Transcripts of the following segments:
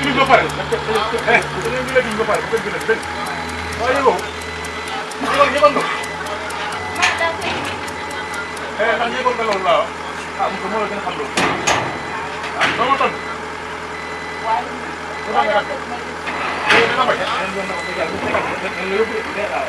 légume ba pare dañuy légume ba pare dëgg nag dëgg waaye yow loolu ñëwoon nga. eh ndax ñëwoon nga loolu laa ah Moussa moo la gën a xam loolu ah doo ma tontu. dama nga rafet yow dina ma jàpp yow dina ma ko jàpp dina ma ko jàpp yow yóbbu de ah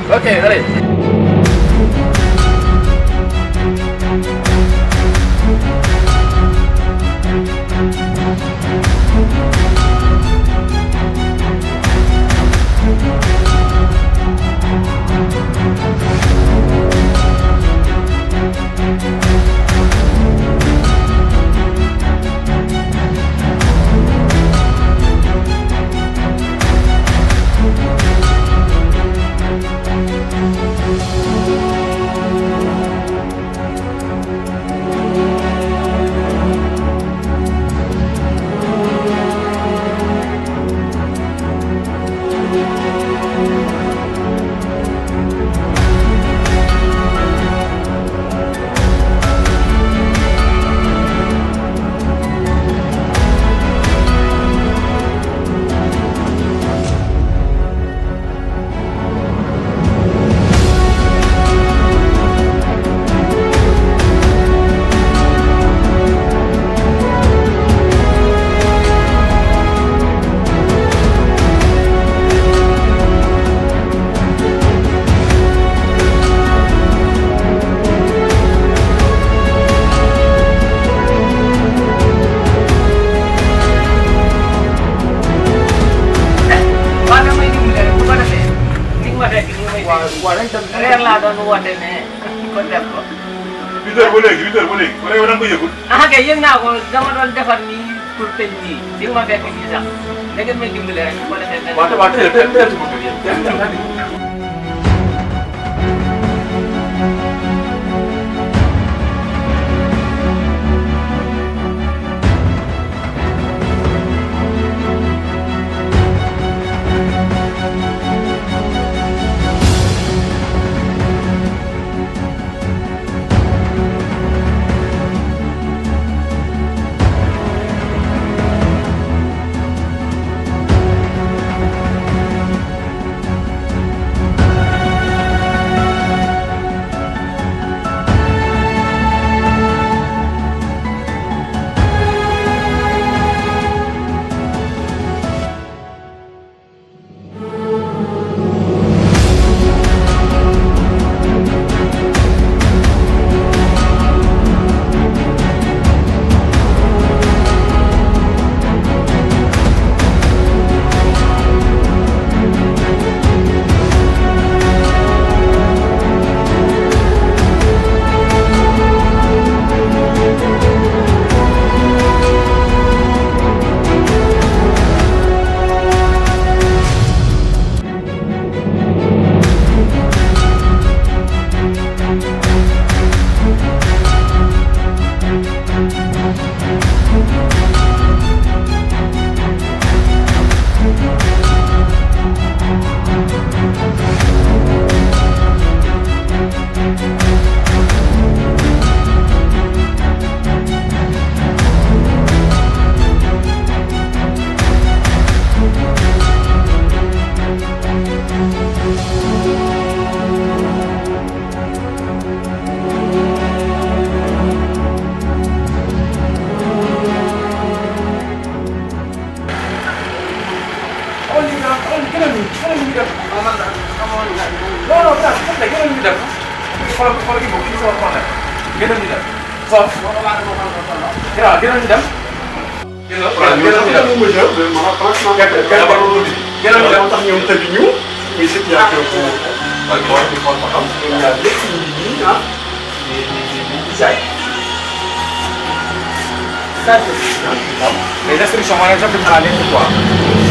waaw. ok allez. ko woote mais kon def ko. 8h ba léegi 8h ba léegi ba léegi da nga ko naa ko dama defar nii pour tëj nii di nga ma fekk nii sax léegi it may dimbali rek boo defee. waaw te waaw teel a teel a teel a teel a teel a teel a teel a a teel a a teel a teel a teel a teel a teel a teel a teel a teel a teel a teel a xoolal xoolal kii boobu kii sama problème gënal ñu dem. soo ko war a laaj moo xam ne moom la. waaw gënal ñu dem. gënal gënal ñu dem waaw ñun sax ñoom ma franchement. gerte gerte ba loolu bi. gënal ñu dem tax ñoom tëdd ñu. muy situation bu. ak boor bi xool ba xam. ñoom ñaar lépp ñu ngi nii ah. di di di di jaay. mais destruction maanaam jafe-jafe naa leen quoi.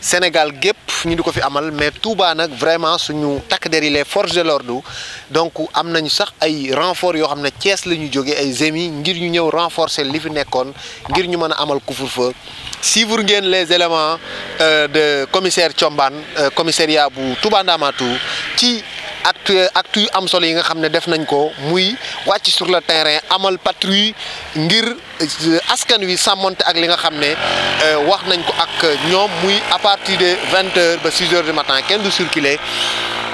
Sénégal gépp ñu di ko fi amal mais Touba nag vraiment suñu takk der yi les forces de l'ordre donc am nañu sax ay renfort yoo xam ne cees la ñu jógee ay zemi ngir ñu ñëw renforcer li fi nekkoon ngir ñu mën a amal couvre-feu suivre ngeen les éléments euh, de commissaire Thiombane euh, commissariat bu Touba ci acte acte yu am solo yi nga xam ne def nañ ko muy wàcc sur le terrain amal patrouille ngir euh, askan wi sàmmonte ak li nga xam ne euh, wax nañ ko ak ñoom muy à partir de vingt heures ba six heures du matin kenn du circuler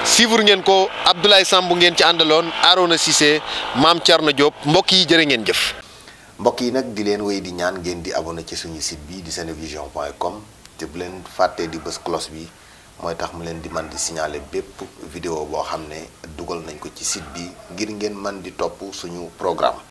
suivre ngeen ko Abdoulaye Samb ngeen ci àndaloon Arona Cissé Maam Thierno Diop mbokk yi jërë ngeen jëf. mbokk yi nag di leen wéy di ñaan ngeen di abonné ci suñu site bi di senevision point com te bu leen fàttee di bës cloche bi. mooy tax mu leen di man di signaler bépp vidéo boo xam ne dugal nañu ko ci site bi ngir ngeen man di topp suñu programme